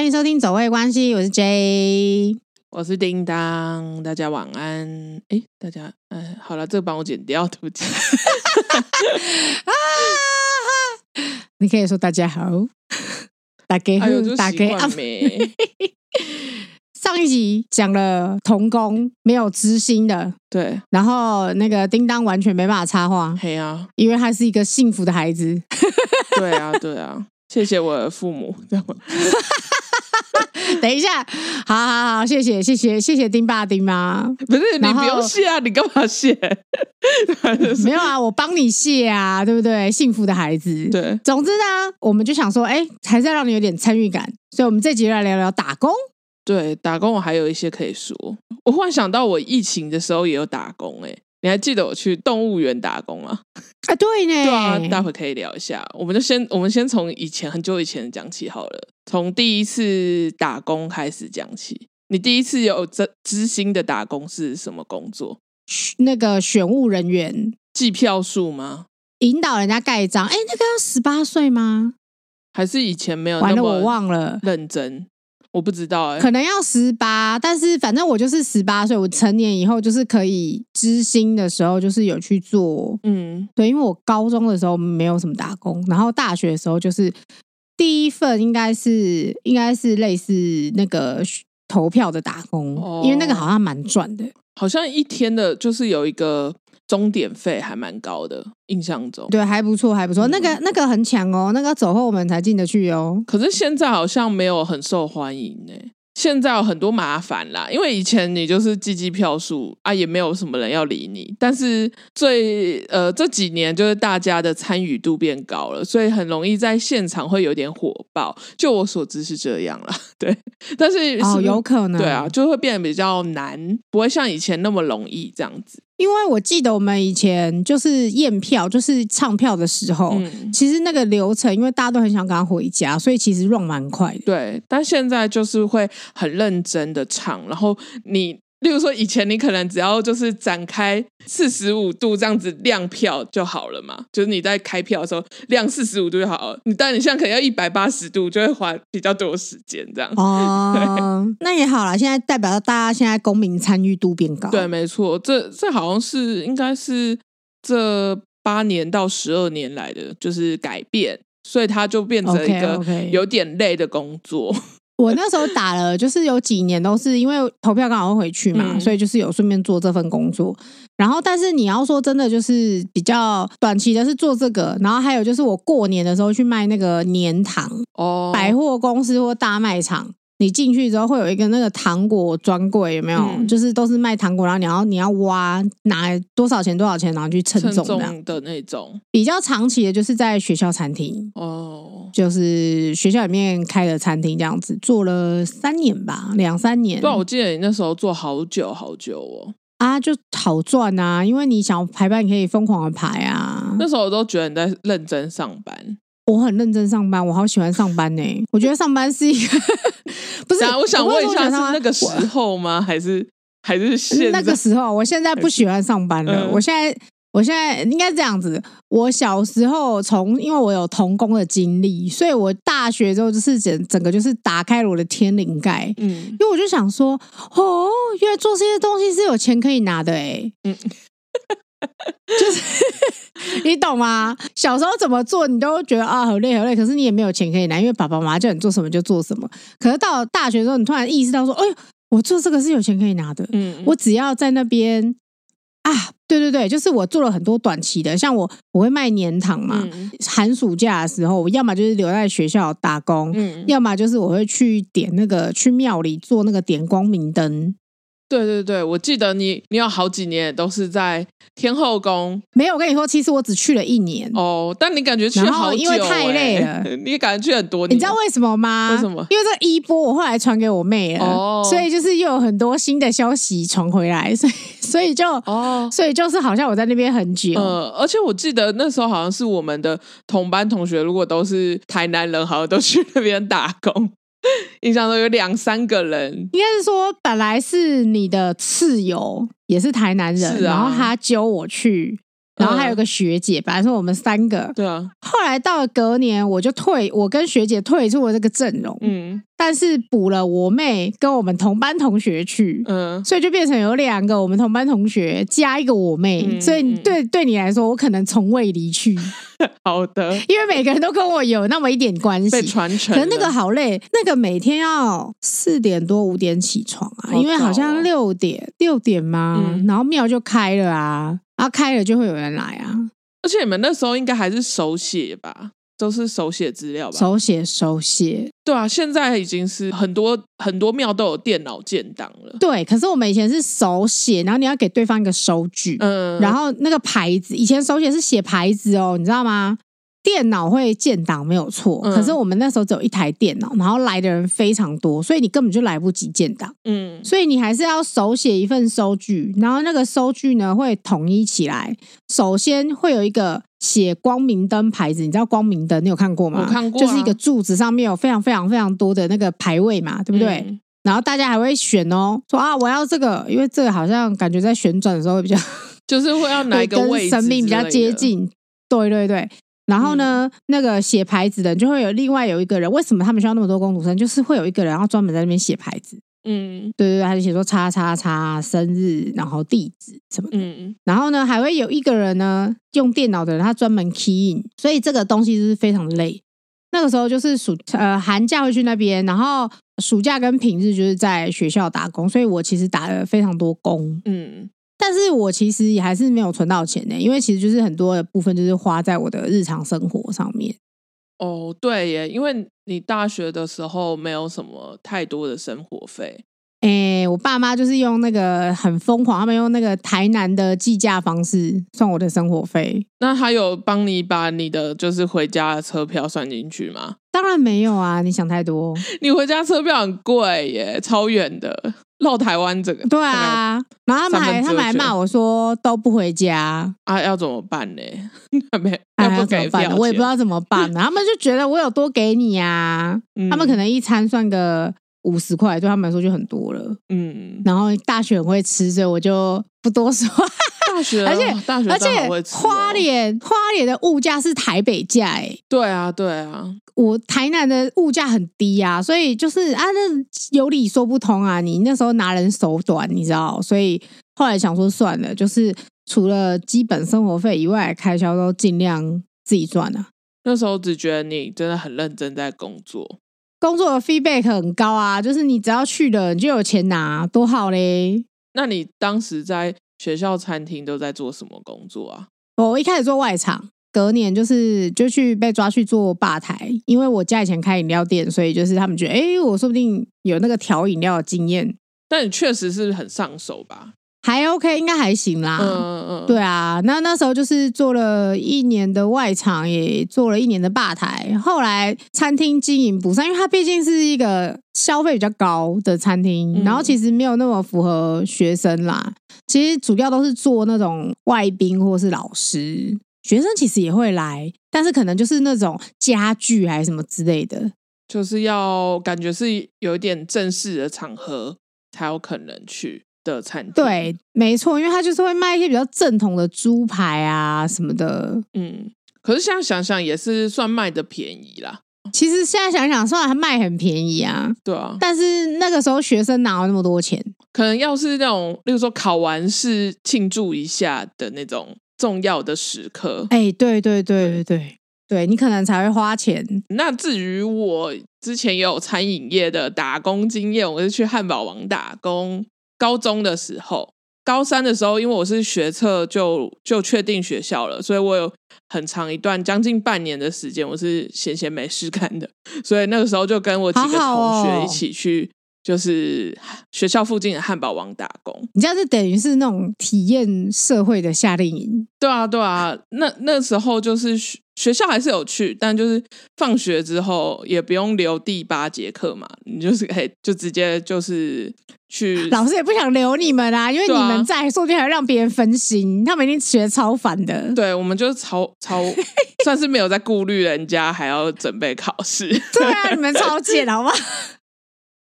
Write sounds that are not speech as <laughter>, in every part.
歡迎收聽《走味關係》，我是 J，我是叮噹，大家晚安。哎，大家，呃、好了，這個幫我剪掉，對不起。 <laughs> <laughs> 你可以說大家好，打給，打給阿美。啊、 <laughs> 上一集講了童工沒有知心的，對。然後那個叮噹完全沒辦法插話，嘿啊，因為他是一個幸福的孩子。對啊，對啊， <laughs> 謝謝我的父母。這樣 <laughs> <laughs> 等一下，好好好，謝謝謝謝謝謝，謝謝丁爸丁媽，不是後，你不用謝啊，你幹嘛謝？ <laughs> 沒有啊，我幫你謝啊，對不對？幸福的孩子，對，總之呢，我們就想說，哎、欸，還是要讓你有點參與感，所以我們這集來聊聊打工。對，打工我還有一些可以說，我忽然想到，我疫情的時候也有打工，欸，哎。你還記得我去動物園打工嗎？啊，對呢，對啊，待會可以聊一下。我們就先，我們先從以前很久以前講起好了，從第一次打工開始講起。你第一次有支薪的打工是什麼工作？那個選務人員計票數嗎？引導人家蓋章？哎、欸，那個要十八歲嗎？還是以前沒有那麼？完了，我忘了認真。我不知道哎、欸，可能要十八，但是反正我就是十八歲。我成年以後就是可以知心的時候，就是有去做。嗯，對，因為我高中的時候沒有什麼打工，然後大學的時候就是第一份應該是應該是類似那個投票的打工，哦、因為那個好像蠻賺的，好像一天的就是有一個。鐘點費還蠻高的，印象中。對，還不錯，還不錯。那個那個很強哦，那個要走後我們才進得去哦。可是現在好像沒有很受歡迎呢、欸。現在有很多麻煩啦，因為以前你就是積極票數啊，也沒有什麼人要理你。但是最呃這幾年就是大家的參與度變高了，所以很容易在現場會有點火爆。就我所知是這樣啦。對。但是，是，是哦，有可能對啊，就會變得比較難，不會像以前那麼容易這樣子。因為我記得我們以前就是驗票，就是唱票的時候，嗯、其實那個流程，因為大家都很想趕快回家，所以其實 run 蠻快的。對，但現在就是會很認真的唱，然後你。例如說，以前你可能只要就是展開四十五度這樣子亮票就好了嘛，就是你在開票的時候亮四十五度就好了。你但你現在可能要一百八十度，就會花比較多時間這樣。哦、嗯，對那也好啦，現在代表大家現在公民參與度變高。對，沒錯，這這好像是應該是這八年到十二年來的就是改變，所以它就變成一個有點累的工作。Okay, okay. <laughs> 我那時候打了，就是有幾年都是因為投票剛好會回去嘛，嗯、所以就是有順便做這份工作。然後，但是你要說真的，就是比較短期的是做這個。然後還有就是我過年的時候去賣那個年糖哦，百貨公司或大賣場。你進去之後會有一個那個糖果專櫃，有沒有？嗯，就是都是賣糖果，然後你要你要挖拿多少錢多少錢，然後去稱重，稱重的那種。比較長期的就是在學校餐廳哦，就是學校裡面開的餐廳這樣子，做了三年吧，兩三年。對，我記得你那時候做好久好久哦。啊，就好賺啊，因為你想要排班你可以瘋狂的排啊。那時候我都覺得你在認真上班。我很認真上班，我好喜歡上班呢、欸。我覺得上班是一個， <laughs> 不是、啊，我想問一下是那個時候嗎？我還是還是現在那個時候？我現在不喜歡上班了。是我現在我現在應該這樣子。嗯、我小時候從，因為我有童工的經歷，所以我大學之後就是整整個就是打開了我的天靈蓋。嗯，因為我就想說，哦，原來做這些東西是有錢可以拿的、欸，哎，嗯。就是 <laughs> 你懂嗎？小時候怎麼做，你都覺得啊好累好累，可是你也沒有錢可以拿，因為爸爸媽媽叫你做什麼就做什麼。可是到了大學的時候，你突然意識到說：“哎呦，我做這個是有錢可以拿的。”嗯，我只要在那邊啊，對對對，就是我做了很多短期的，像我我會賣年糖嘛，嗯、寒暑假的時候，我要麼就是留在學校打工，嗯、要麼就是我會去點那個去廟裡做那個點光明燈。對對對，我記得你，你有好幾年都是在天後宮。沒有，我跟你說，其實我只去了一年。哦，但你感覺去了、然後、好久欸、因為太累了。你感覺去很多年，你知道為什麼嗎？為什麼？因為這個一波我後來傳給我妹了，哦、所以就是又有很多新的消息傳回來，所以所以就，哦、所以就是好像我在那邊很久。呃，而且我記得那時候好像是我們的同班同學，如果都是台南人，好像都去那邊打工。 <laughs> 印象中有兩三個人，應該是說本來是你的室友，也是台南人，是啊、然後他揪我去。然後還有個學姐，本來是，嗯、我們三個。對啊。後來到了隔年，我就退，我跟學姐退出了這個陣容。嗯。但是補了我妹跟我們同班同學去。嗯。所以就變成有兩個我們同班同學加一個我妹，嗯，所以對對，你來說，我可能從未離去。 <laughs> 好的。因為每個人都跟我有那麼一點關係。被傳承。可能那個好累，那個每天要四點多五點起床啊，啊因為好像六點六點嘛，嗯，然後廟就開了啊。然、啊，開了就會有人來啊！而且你們那時候應該還是手寫吧，都是手寫資料吧？手寫手寫，對啊，現在已經是很多很多廟都有電腦建檔了。對，可是我們以前是手寫，然後你要給對方一個收據，嗯，然後那個牌子，以前手寫是寫牌子哦，你知道嗎？電腦會建檔沒有錯，嗯、可是我們那時候只有一台電腦，然後來的人非常多，所以你根本就來不及建檔。嗯，所以你還是要手寫一份收據，然後那個收據呢會統一起來。首先會有一個寫光明燈牌子，你知道光明燈你有看過嗎？我看過、啊，就是一個柱子上面有非常非常非常多的那個牌位嘛，對不對？嗯、然後大家還會選哦，說啊我要這個，因為這個好像感覺在旋轉的時候會比較，就是會要哪一個位置跟生命比較接近？對對對。然後呢，嗯、那個寫牌子的人就會有另外有一個人。為什麼他們需要那麼多工讀生？就是會有一個人，然後專門在那邊寫牌子。嗯，對對對，他就寫說“叉叉叉”生日，然後地址什麼的。嗯，然後呢，還會有一個人呢，用電腦的人，他專門 key in，所以這個東西就是非常累。那個時候就是暑呃寒假會去那邊，然後暑假跟平日就是在學校打工。所以我其實打了非常多工。嗯。但是我其實也還是沒有存到錢呢、欸，因為其實就是很多的部分就是花在我的日常生活上面。哦，對耶，因為你大學的時候沒有什麼太多的生活費。誒、欸，我爸媽就是用那個很瘋狂，他們用那個台南的計價方式算我的生活費。那他有幫你把你的就是回家的車票算進去嗎？當然沒有啊！你想太多。 <laughs> 你回家車票很貴耶，超遠的，繞台灣這個。對啊，然後他們還他們還罵我說都不回家啊，要怎麼辦呢？ <laughs> 還沒，還不給飯、啊、我也不知道怎麼辦呢。 <laughs> 他們就覺得我有多給你啊，嗯、他們可能一餐算個五十塊，對他們來說就很多了。嗯，然後大學很會吃，所以我就不多說。 <laughs> 而且會吃，喔、而且花蓮花蓮的物價是台北價哎、欸啊，對啊對啊，我台南的物價很低啊，所以就是啊，那有理說不通啊，你那時候拿人手短，你知道，所以後來想說算了，就是除了基本生活費以外，開銷都盡量自己賺啊。那時候只覺得你真的很認真在工作，工作的 feedback 很高啊，就是你只要去了，你就有錢拿，多好嘞。那你當時在？學校餐廳都在做什麼工作啊？我一開始做外場，隔年就是就去被抓去做吧台，因為我家以前開飲料店，所以就是他們覺得，哎、欸，我說不定有那個調飲料的經驗，但你確實是很上手吧。OK，應該還行啦。嗯嗯嗯。對啊，那那時候就是做了一年的外場，也做了一年的吧台。後來餐廳經營不善，因為它畢竟是一個消費比較高的餐廳，然後其實沒有那麼符合學生啦。其實主要都是做那種外賓或是老師，學生其實也會來，但是可能就是那種家具還是什麼之類的，就是要感覺是有一點正式的場合才有可能去，的餐廳。對，沒錯，因為他就是會賣一些比較正統的豬排啊什麼的。嗯，可是現在想想也是算賣的便宜啦。其實現在想想，算還賣很便宜啊，嗯、對啊，但是那個時候學生哪有那麼多錢？可能要是那種，例如說考完試慶祝一下的那種重要的時刻，哎、欸，對對對對對，嗯、對你可能才會花錢。那至於我之前也有餐飲業的打工經驗，我是去漢堡王打工。高中的時候，高三的時候，因為我是學測，就就確定學校了，所以我有很長一段將近半年的時間，我是閒閒沒事幹的，所以那個時候就跟我幾個同學一起去，就是學校附近的漢堡王打工，你知道這樣是等於是那種體驗社會的夏令營。對啊，對啊，那那時候就是學學校還是有去，但就是放學之後也不用留第八節課嘛，你就是可以就直接就是去。老師也不想留你們啊，因為你們在說不定還讓別人分心，啊、他們一定學得超煩的。對，我們就是超超 <laughs> 算是沒有在顧慮人家還要準備考試。對啊，你們超賤 <laughs> 好嗎？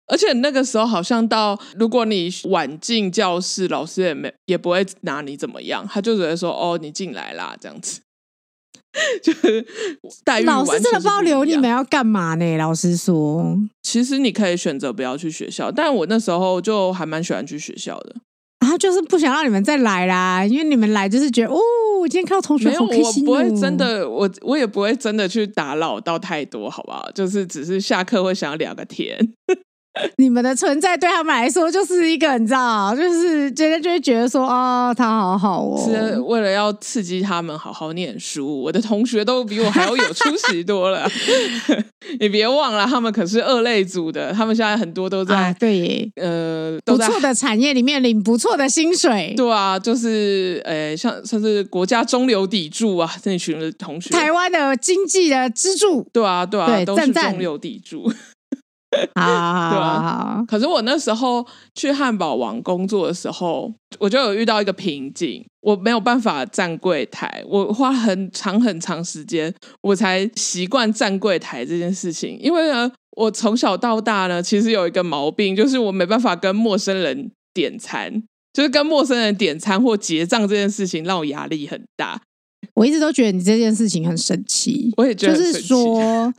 而且那個時候，好像到如果你晚進教室，老師也沒也不會拿你怎麼樣，他就只會說：“哦，你進來啦。”這樣子， <laughs> 就是待遇。老師真的不知道留你們要幹嘛呢？老師說、嗯，其實你可以選擇不要去學校，但我那時候就還蠻喜歡去學校的。然後、啊、就是不想讓你們再來啦，因為你們來就是覺得哦，今天看到同學好開心、哦。沒有，我不會真的，我我也不會真的去打擾到太多，好不好？就是只是下課會想要聊個天。 <laughs> <laughs> 你們的存在對他們來說就是一個，你知道，就是今天就會覺得說啊、哦，他好好哦，是為了要刺激他們好好念書。我的同學都比我還要有出息多了， <laughs> <laughs> 你別忘了，他們可是二類組的，他們現在很多都在、啊、對，呃，都不錯的產業裡面領不錯的薪水。對啊，就是呃，像算是國家中流砥柱啊，那群的同學，台灣的經濟的支柱。對啊，對啊，對都是中流砥柱。站站 <laughs> 好好好啊，對。可是我那時候去漢堡王工作的時候，我就有遇到一個瓶頸，我沒有辦法站櫃檯，我花很長很長時間，我才習慣站櫃檯這件事情。因為呢，我從小到大呢，其實有一個毛病，就是我沒辦法跟陌生人點餐，就是跟陌生人點餐或結賬這件事情讓我壓力很大。我一直都覺得你這件事情很神奇，我也覺得，就是說，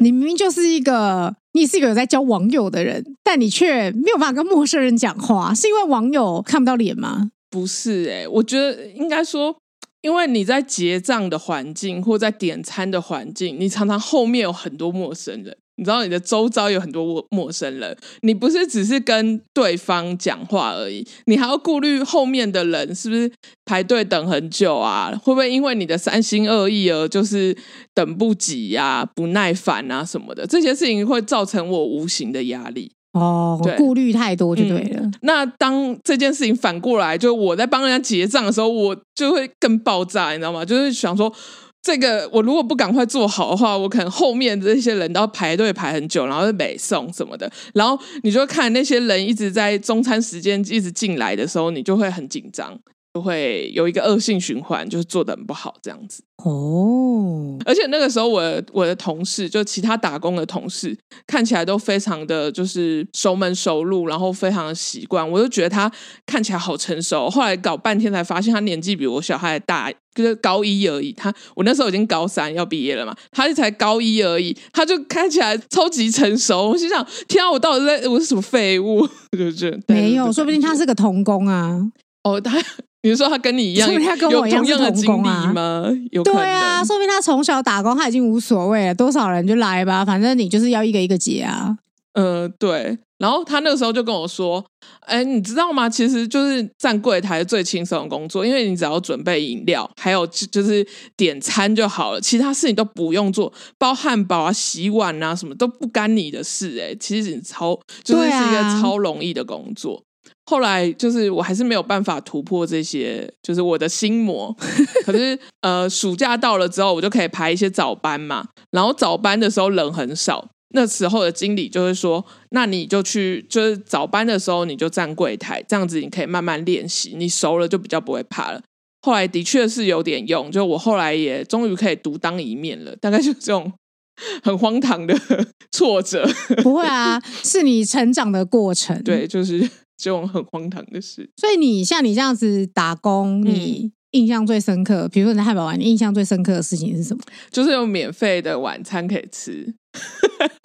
你明明就是一個。你是一個有在交網友的人，但你卻沒有辦法跟陌生人講話，是因為網友看不到臉嗎？不是誒、欸，我覺得應該說，因為你在結賬的環境或在點餐的環境，你常常後面有很多陌生人。你知道你的周遭有很多陌生人，你不是只是跟對方講話而已，你還要顧慮後面的人是不是排隊等很久啊？會不會因為你的三心二意而就是等不及呀、啊、不耐煩啊什麼的？這些事情會造成我無形的壓力哦，對我顧慮太多就對了、嗯。那當這件事情反過來，就我在幫人家結賬的時候，我就會更爆炸，你知道嗎？就是想說。這個我如果不趕快做好的話，我可能後面這些人都要排隊排很久，然後就沒送什麼的。然後你就看那些人一直在中餐時間一直進來的時候，你就會很緊張，就會有一個惡性循環，就是做的很不好這樣子。哦，而且那個時候我，我我的同事就其他打工的同事，看起來都非常的，就是熟門熟路，然後非常的習慣。我就覺得他看起來好成熟。後來搞半天才發現，他年紀比我小孩大，就是高一而已。他我那時候已經高三要畢業了嘛，他就才高一而已，他就看起來超級成熟。我心想：天啊，我到底在我是什麼廢物？就 <laughs> 是對對沒有，說不定他是個童工啊！哦，他。你說他跟你一樣有同樣的經歷嗎？有，對啊，說明他從小打工，他已經無所謂了。多少人就來吧，反正你就是要一個一個接啊。嗯、呃，對。然後他那個時候就跟我說：“哎，你知道嗎？其實就是站櫃台最輕鬆的工作，因為你只要準備飲料，還有就是點餐就好了，其他事情都不用做，包漢堡啊、洗碗啊什麼都不干你的事、欸。哎，其實你超，就是、是一個超容易的工作。啊”後來就是我還是沒有辦法突破這些，就是我的心魔。可是呃，暑假到了之後，我就可以排一些早班嘛。然後早班的時候人很少，那時候的經理就會說：“那你就去，就是早班的時候你就站櫃檯，這樣子你可以慢慢練習，你熟了就比較不會怕了。”後來的確是有點用，就我後來也終於可以獨當一面了。大概就是這種很荒唐的挫折。不會啊，是你成長的過程。 <laughs> 對，就是。這種很荒唐的事，所以你像你這樣子打工，你印象最深刻，嗯、比如說你在漢堡王，你印象最深刻的事情是什麼？就是有免費的晚餐可以吃。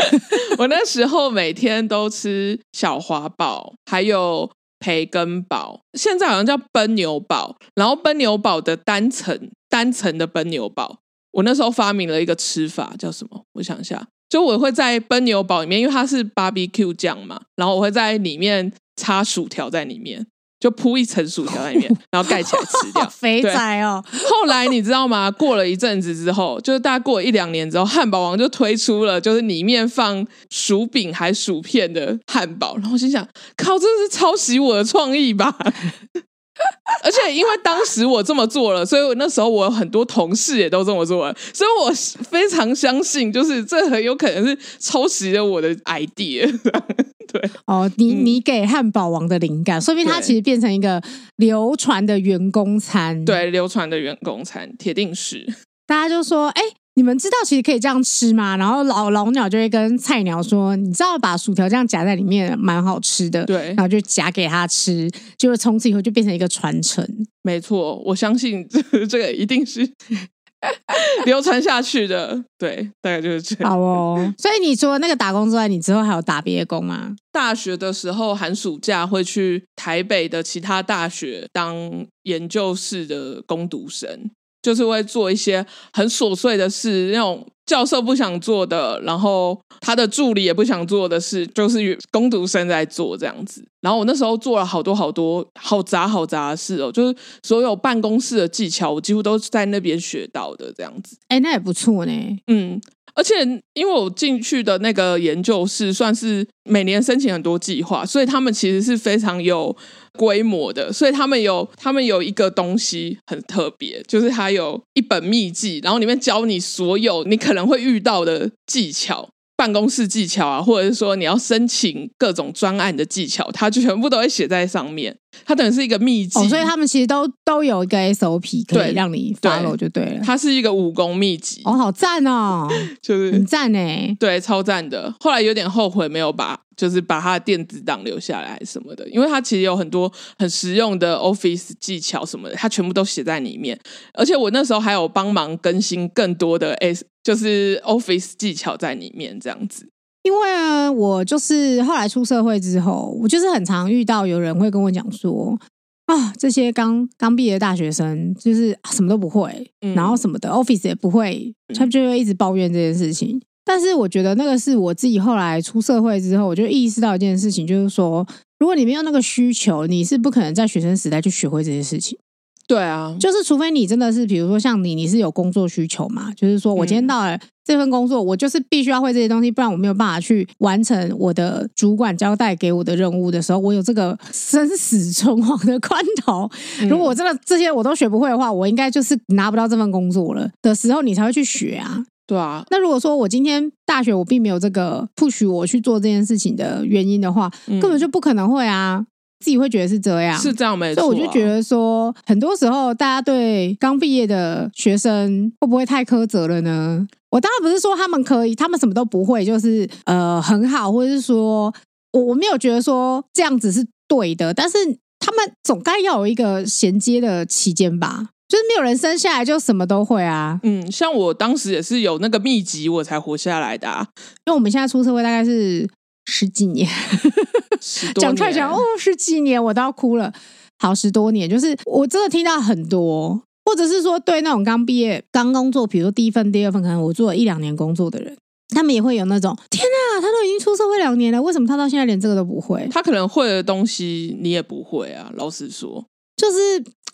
<laughs> 我那時候每天都吃小華堡，還有培根堡，現在好像叫奔牛堡。然後奔牛堡的單層、單層的奔牛堡，我那時候發明了一個吃法，叫什麼？我想一下。就我會在奔牛堡裡面，因為它是芭比 Q 醬嘛，然後我會在裡面插薯條在裡面，就鋪一層薯條在裡面，然後蓋起來吃掉。 <laughs> 肥仔宅哦！ <laughs> 後來你知道嗎？過了一陣子之後，就是大概過了一兩年之後，漢堡王就推出了就是裡面放薯餅還薯片的漢堡，然後我心想：靠，這是抄襲我的創意吧？ <laughs> <laughs> 而且因為當時我這麼做了，所以那時候我很多同事也都這麼做了，所以我非常相信，就是這很有可能是抄襲了我的 idea。對哦，你、嗯、你給漢堡王的靈感，說明他其實變成一個流傳的員工餐，對，流傳的員工餐鐵定是大家就說，哎、欸。你們知道其實可以這樣吃嗎？然後老老鳥就會跟菜鳥說：“你知道把薯條這樣夾在裡面蠻好吃的。”對，然後就夾給他吃，結果從此以後就變成一個傳承。沒錯，我相信這這個一定是流傳下去的。 <laughs> 對，大概就是這樣。好哦，所以你除了那個打工之外，你之後還有打別的工嗎？大學的時候寒暑假會去台北的其他大學當研究室的工讀生。就是會做一些很瑣碎的事，那種教授不想做的，然後他的助理也不想做的事，就是與工讀生在做這樣子。然後我那時候做了好多好多好雜好雜的事哦，就是所有辦公室的技巧，我幾乎都在那邊學到的這樣子。哎，那也不錯呢。嗯。而且，因為我進去的那個研究室算是每年申請很多計劃，所以他們其實是非常有規模的。所以他們有，他們有一個東西很特別，就是他有一本秘籍，然後裡面教你所有你可能會遇到的技巧。辦公室技巧啊，或者是說你要申請各種專案的技巧，它就全部都會寫在上面。它等於是一個祕籍，哦、所以他們其實都都有一個 SOP，可以讓你 follow 就對了對對。它是一個武功祕籍，哦，好讚哦，就是很讚呢。對，超讚的。後來有點後悔沒有拔。就是把他的電子檔留下來什麼的，因為他其實有很多很實用的 Office 技巧什麼的，他全部都寫在裡面。而且我那時候還有幫忙更新更多的 S，就是 Office 技巧在裡面這樣子。因為啊，我就是後來出社會之後，我就是很常遇到有人會跟我講說啊，這些剛剛畢業的大學生就是、啊、什麼都不會，然後什麼的、嗯、Office 也不會，他們就會一直抱怨這件事情。但是我覺得那個是我自己後來出社會之後，我就意識到一件事情，就是說，如果你沒有那個需求，你是不可能在學生時代去學會這些事情。對啊，就是除非你真的是，比如說像你，你是有工作需求嘛？就是說我今天到了這份工作，嗯、我就是必須要會這些東西，不然我沒有辦法去完成我的主管交代給我的任務的時候，我有這個生死存亡的關頭，嗯、如果我真的這些我都學不會的話，我應該就是拿不到這份工作了的時候，你才會去學啊。對啊，那如果說我今天大學我並沒有這個 push 我去做這件事情的原因的話，嗯、根本就不可能會啊，自己會覺得是這樣，是這樣沒錯、啊。所以我就覺得說，很多時候大家對剛畢業的學生會不會太苛責了呢？我當然不是說他們可以，他們什麼都不會，就是呃很好，或者是說，我我沒有覺得說這樣子是對的，但是他們總該要有一個銜接的期間吧。就是沒有人生下來就什麼都會啊。嗯，像我當時也是有那個秘籍我才活下來的啊。因為我們現在出社會大概是十幾年， <laughs> 十多年，講出來講，哦，十幾年我都要哭了，好，十多年。就是我真的聽到很多，或者是說對那種剛畢業、剛工作，比如說第一份、第二份，可能我做了一兩年工作的人，他們也會有那種天哪，他都已經出社會兩年了，為什麼他到現在連這個都不會？他可能會的東西你也不會啊。老實說，就是。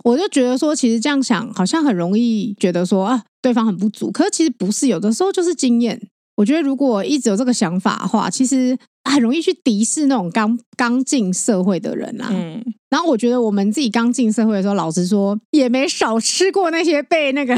我就覺得說，其實這樣想好像很容易覺得說啊，對方很不足。可是其實不是，有的時候就是經驗。我覺得如果一直有這個想法的話，其實很容易去敵視那種剛剛進社會的人啦、啊。嗯，然後我覺得我們自己剛進社會的時候，老實說也沒少吃過那些被那個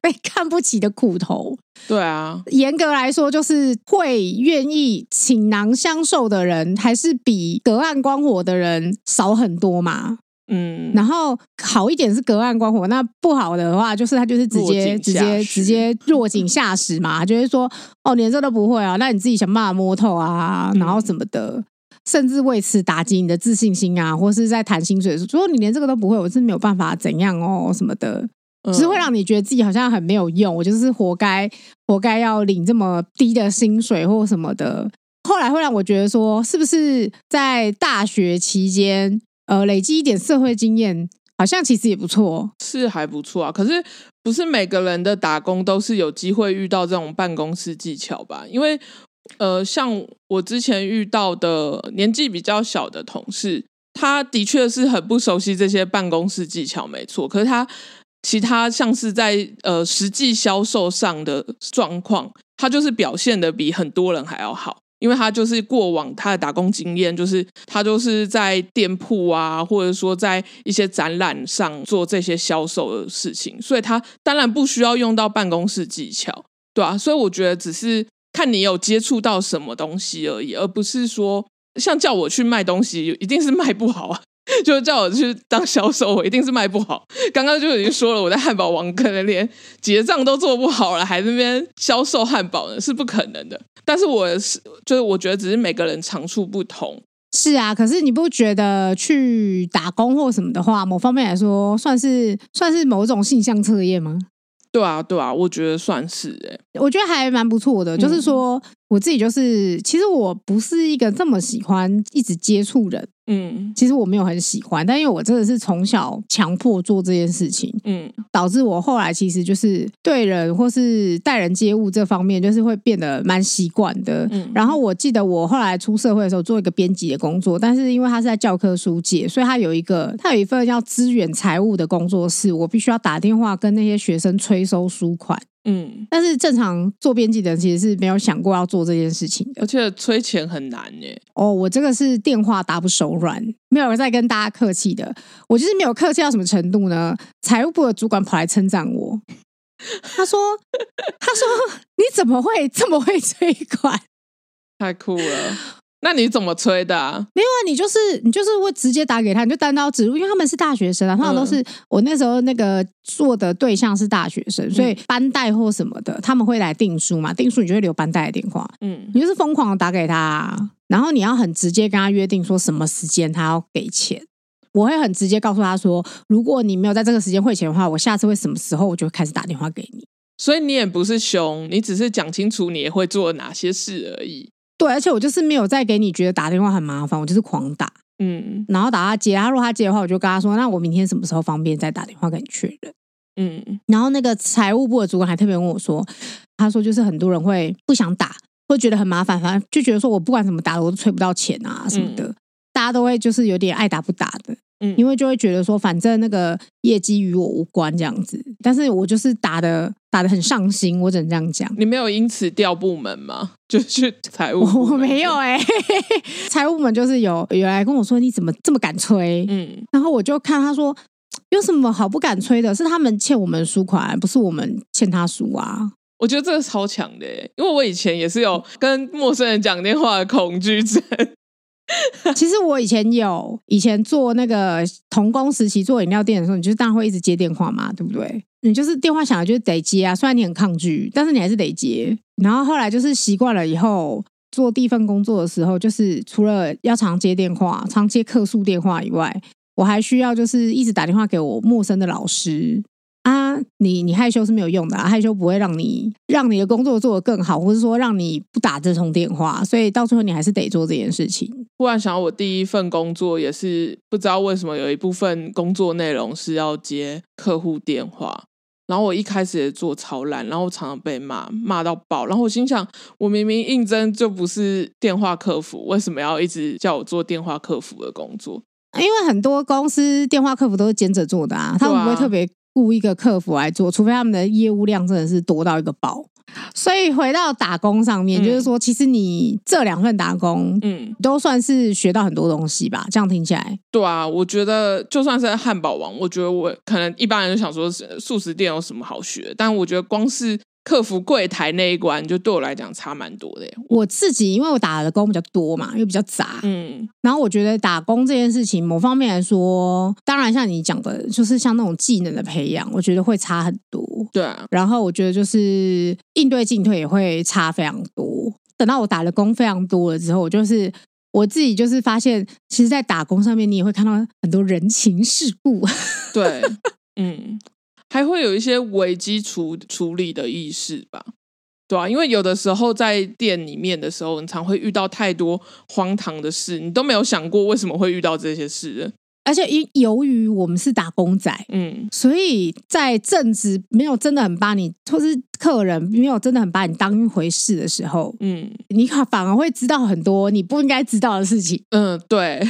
被看不起的苦頭。對啊，嚴格來說，就是會願意傾囊相授的人，還是比隔岸觀火的人少很多嘛。嗯，然後好一點是隔岸觀火，那不好的話就是他就是直接直接直接落井下石嘛，嗯、就是說哦，連這都不會啊，那你自己想辦法摸透啊，然後什麼的，嗯、甚至為此打擊你的自信心啊，或是在談薪水的時候，如果你連這個都不會，我是沒有辦法怎樣哦，什麼的，只、嗯、是會讓你覺得自己好像很沒有用，我就是活該活該要領這麼低的薪水或什麼的，後來會讓我覺得說，是不是在大學期間？呃，累積一點社會經驗，好像其實也不錯，哦，是還不錯啊。可是不是每個人的打工都是有機會遇到這種辦公室技巧吧？因為呃，像我之前遇到的年紀比較小的同事，他的確是很不熟悉這些辦公室技巧，沒錯。可是他其他像是在呃實際銷售上的狀況，他就是表現的比很多人還要好。因為他就是過往他的打工經驗，就是他就是在店鋪啊，或者說在一些展覽上做這些銷售的事情，所以他當然不需要用到辦公室技巧，對啊，所以我覺得只是看你有接觸到什麼東西而已，而不是說像叫我去賣東西，一定是賣不好啊。 <laughs> 就叫我去當銷售，我一定是賣不好。剛剛就已經說了，我在漢堡王可能連結賬都做不好了，還那邊銷售漢堡呢，是不可能的。但是我是，就是我覺得只是每個人長處不同。是啊，可是你不覺得去打工或什麼的話，某方面來說算是算是某種性向測驗嗎？對啊，對啊，我覺得算是哎、欸，我覺得還蠻不錯的，嗯、就是說。我自己就是，其實我不是一個這麼喜歡一直接觸人，嗯，其實我沒有很喜歡，但因為我真的是從小強迫做這件事情，嗯，導致我後來其實就是對人或是待人接物這方面，就是會變得蠻習慣的。嗯，然後我記得我後來出社會的時候，做一個編輯的工作，但是因為他是在教科書界，所以他有一個他有一份叫資源財務的工作室，我必須要打電話跟那些學生催收書款。嗯，但是正常做編輯的人其實是沒有想過要做這件事情的，而且催錢很難耶。哦，oh, 我這個是電話打不手軟，沒有人在跟大家客氣的，我就是沒有客氣到什麼程度呢？財務部的主管跑來稱讚我，他說：“ <laughs> 他說你怎麼會這麼會催款？太酷了！”那你怎麼催的？啊？沒有啊，你就是你就是會直接打給他，你就單刀直入，因為他們是大學生啊，他們都是我那時候那個做的對象是大學生，嗯、所以班代或什麼的，他們會來訂書嘛，訂書你就會留班代的電話，嗯，你就是瘋狂的打給他，啊，然後你要很直接跟他約定說什麼時間他要給錢，我會很直接告訴他說，如果你沒有在這個時間匯錢的話，我下次會什麼時候我就開始打電話給你，所以你也不是凶，你只是講清楚你會做哪些事而已。對，而且我就是沒有再給你覺得打電話很麻煩，我就是狂打，嗯，然後打他接，他如果他接的話，我就跟他說，那我明天什麼時候方便再打電話跟你確認，嗯，然後那個財務部的主管還特別問我說，他說就是很多人會不想打，會覺得很麻煩，反正就覺得說我不管怎麼打，我都催不到錢啊什麼的，嗯、大家都會就是有點愛打不打的。嗯，因為就會覺得說，反正那個業績與我無關這樣子，但是我就是打得打得很上心，我只能這樣講。你沒有因此調部門嗎？就去財務？我沒有哎、欸，財 <laughs> 務們就是有，有來跟我說你怎麼這麼敢催？嗯，然後我就看他說有什麼好不敢催的？是他們欠我們書款，不是我們欠他書啊。我覺得這個超強的、欸，因為我以前也是有跟陌生人講電話的恐懼症。 <laughs> 其實我以前有以前做那個童工，時期做飲料店的時候，你就當然會一直接電話嘛，對不對？你就是電話響了，就是得接啊。雖然你很抗拒，但是你還是得接。然後後來就是習慣了以後，做第一份工作的時候，就是除了要常接電話、常接客訴電話以外，我還需要就是一直打電話給我陌生的老師。你你害羞是沒有用的啊，害羞不會讓你讓你的工作做得更好，或是說讓你不打這通電話，所以到最後你還是得做這件事情。忽然想到，我第一份工作也是不知道為什麼有一部分工作內容是要接客戶電話，然後我一開始也做超爛，然後常常被罵罵到爆，然後我心想，我明明應徵就不是電話客服，為什麼要一直叫我做電話客服的工作？因為很多公司電話客服都是兼職做的啊，啊他們不會特別。雇一個客服來做，除非他們的業務量真的是多到一個爆。所以回到打工上面，嗯、就是說，其實你這兩份打工，嗯，都算是學到很多東西吧。這樣聽起來，對啊，我覺得就算是在漢堡王，我覺得我可能一般人就想說，素食店有什麼好學？但我覺得光是。客服櫃檯那一關，就對我來講差蠻多的。我自己因為我打的工比較多嘛，又比較雜，嗯，然後我覺得打工這件事情，某方面來說，當然像你講的，就是像那種技能的培養，我覺得會差很多。對啊，然後我覺得就是應對進退也會差非常多。等到我打的工非常多了之後，我就是我自己就是發現，其實，在打工上面，你也會看到很多人情世故。對， <laughs> 嗯。還會有一些危機處處理的意識吧，對啊，因為有的時候在店裡面的時候，你常會遇到太多荒唐的事，你都沒有想過為什麼會遇到這些事。而且因由於我們是打工仔，嗯，所以在正職沒有真的很把你，或是客人沒有真的很把你當一回事的時候，嗯，你反而會知道很多你不應該知道的事情。嗯，對。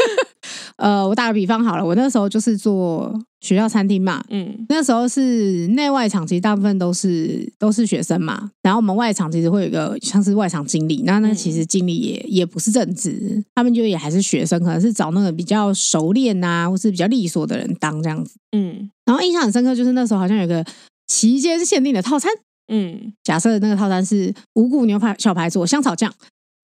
<laughs> 呃，我打個比方好了，我那時候就是做。學校餐廳嘛，嗯，那時候是內外場，其實大部分都是都是學生嘛。然後我們外場其實會有一個像是外場經理，那那其實經理也、嗯、也不是正職，他們就也還是學生，可能是找那個比較熟練啊，或是比較利索的人當這樣子，嗯。然後印象很深刻，就是那時候好像有一個期間限定的套餐，嗯，假設那個套餐是五穀牛排小排佐香草醬，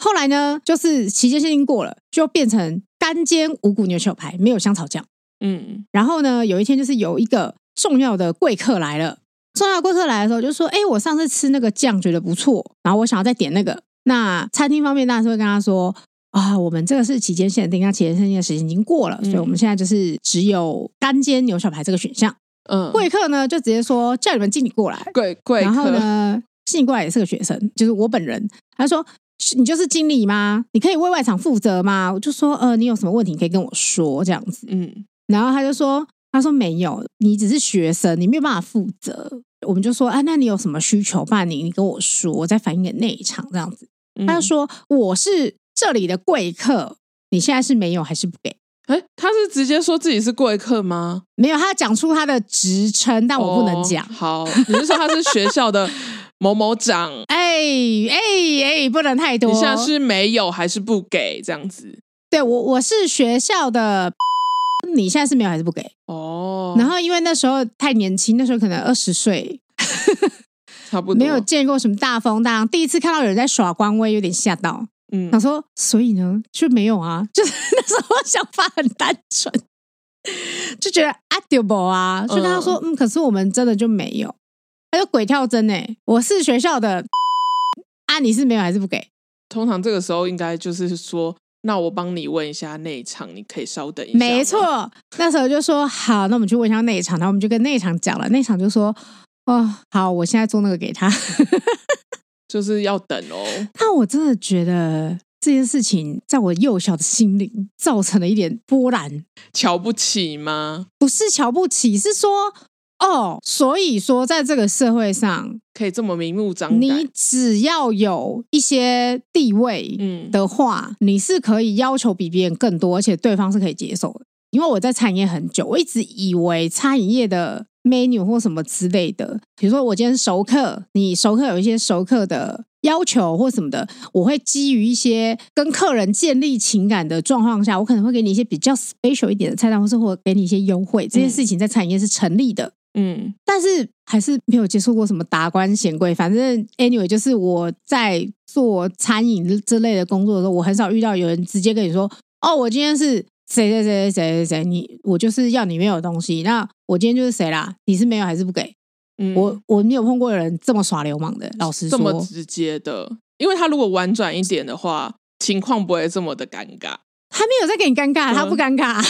後來呢，就是期間限定過了，就變成乾煎五穀牛小排，沒有香草醬。嗯，然後呢，有一天就是有一個重要的貴客來了。重要貴客來的時候，就說：“哎、欸，我上次吃那個醬覺得不錯，然後我想要再點那個。”那餐廳方面當然是會跟他說：“啊、哦，我們這個是期間限定，那、啊、期間限定的時間已經過了，嗯、所以我們現在就是只有乾煎牛小排這個選項。”嗯，貴客呢就直接說：“叫你們經理過來。貴”貴貴然後呢，經理過來也是個學生，就是我本人。他說：“你就是經理嗎？你可以為外場負責嗎？”我就說：“呃，你有什麼問題可以跟我說，這樣子。”嗯。然後他就說：“他說沒有，你只是學生，你沒有辦法負責。”我們就說：“啊，那你有什麼需求？爸，你你跟我說，我再反映給內場這樣子。嗯”他就說：“我是這裡的貴客，你現在是沒有還是不給？”哎，他是直接說自己是貴客嗎？沒有，他要講出他的職稱，但我不能講。哦、好，你就說他是學校的某某長 <laughs> 、哎？哎哎哎，不能太多。你現在是沒有還是不給這樣子？對我，我是學校的。你現在是沒有還是不給？哦，然後因為那時候太年輕，那時候可能二十歲， <laughs> 差不多沒有見過什麼大風大浪。第一次看到有人在耍官威，有點嚇到。嗯，想說，所以呢就沒有啊，就是那時候想法很單純，就覺得啊，對吧啊，就跟、嗯、他說，嗯，可是我們真的就沒有。還有鬼跳針誒、欸，我是學校的。啊，你是沒有還是不給？通常這個時候應該就是說。那我幫你問一下內場，你可以稍等一下。沒錯，那時候就說好，那我們去問一下內場，然後我們就跟內場講了，內場就說：“哦，好，我現在做那個給他。 <laughs> ”就是要等哦。那我真的覺得這件事情在我幼小的心靈造成了一點波瀾。瞧不起嗎？不是瞧不起，是說。哦，oh, 所以說，在這個社會上可以這麼明目張膽，你只要有一些地位的話，嗯、你是可以要求比別人更多，而且對方是可以接受的。因為我在餐飲業很久，我一直以為餐飲業的 menu 或什麼之類的，比如說我今天熟客，你熟客有一些熟客的要求或什麼的，我會基於一些跟客人建立情感的狀況下，我可能會給你一些比較 special 一點的菜單，或是或給你一些優惠。這些事情在餐飲業是成立的。嗯嗯，但是還是沒有接觸過什麼達官顯貴。反正 anyway，就是我在做餐飲之類的工作的時候，我很少遇到有人直接跟你說：“哦，我今天是誰誰誰誰誰誰，你我就是要你沒有東西，那我今天就是誰啦？你是沒有還是不給？”嗯，我我沒有碰過有人這麼耍流氓的，老實說，這麼直接的，因為他如果婉轉一點的話，情況不會這麼的尷尬。他沒有在給你尷尬，他不尷尬，嗯、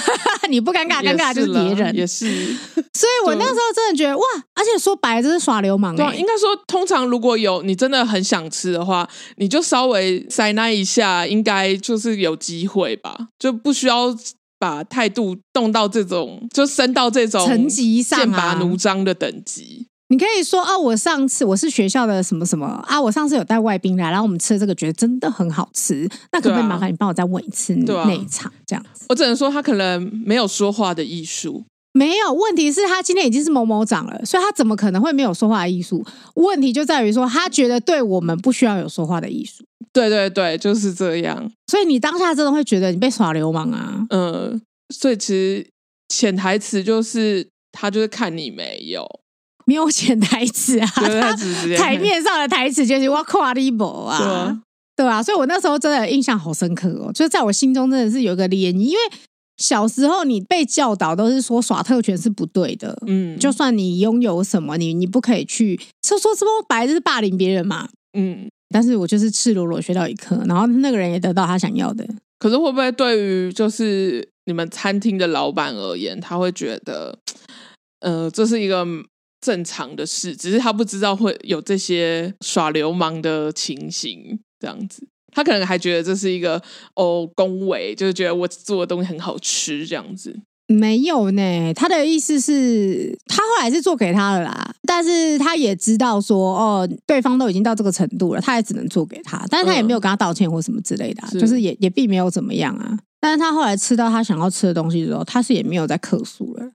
<laughs> 你不尷尬，尷尬就是別人。也是， <laughs> 所以我那時候真的覺得就哇，而且說白，這是耍流氓、欸對啊。應該說，通常如果有你真的很想吃的話，你就稍微塞那一下，應該就是有機會吧，就不需要把態度動到這種，就升到這種層級上、啊，劍拔弩張的等級。你可以說哦、啊，我上次我是學校的什麼什麼啊？我上次有帶外賓來，然後我們吃了這個覺得真的很好吃。那可不可以麻煩你幫我再問一次那一場對、啊、這樣子？我只能說他可能沒有說話的藝術。沒有，問題是他今天已經是某某長了，所以他怎麼可能會沒有說話的藝術？問題就在於說他覺得對我們不需要有說話的藝術。對對對，就是這樣。所以你當下真的會覺得你被耍流氓啊？嗯、呃，所以其實潛台詞就是他就是看你沒有。沒有潛台詞啊，對他台面上的台詞就是“不可理駁”啊，是啊對啊，所以，我那時候真的印象好深刻哦，就是在我心中真的是有一個理念，因為小時候你被教導都是說耍特權是不對的，嗯，就算你擁有什麼，你你不可以去，說說是是就說什麼白日霸凌別人嘛，嗯。但是我就是赤裸裸學到一課，然後那個人也得到他想要的。可是會不會對於就是你們餐廳的老板而言，他會覺得，呃，這是一個？正常的事，只是他不知道會有這些耍流氓的情形，這樣子，他可能還覺得這是一個哦恭維，就是覺得我做的東西很好吃這樣子。沒有呢，他的意思是，他後來是做給他的啦，但是他也知道說，哦，對方都已經到這個程度了，他也只能做給他，但是他也沒有跟他道歉或什麼之類的、啊，嗯、是就是也也並沒有怎麼樣啊。但是他後來吃到他想要吃的東西的時候，他是也沒有再客訴了。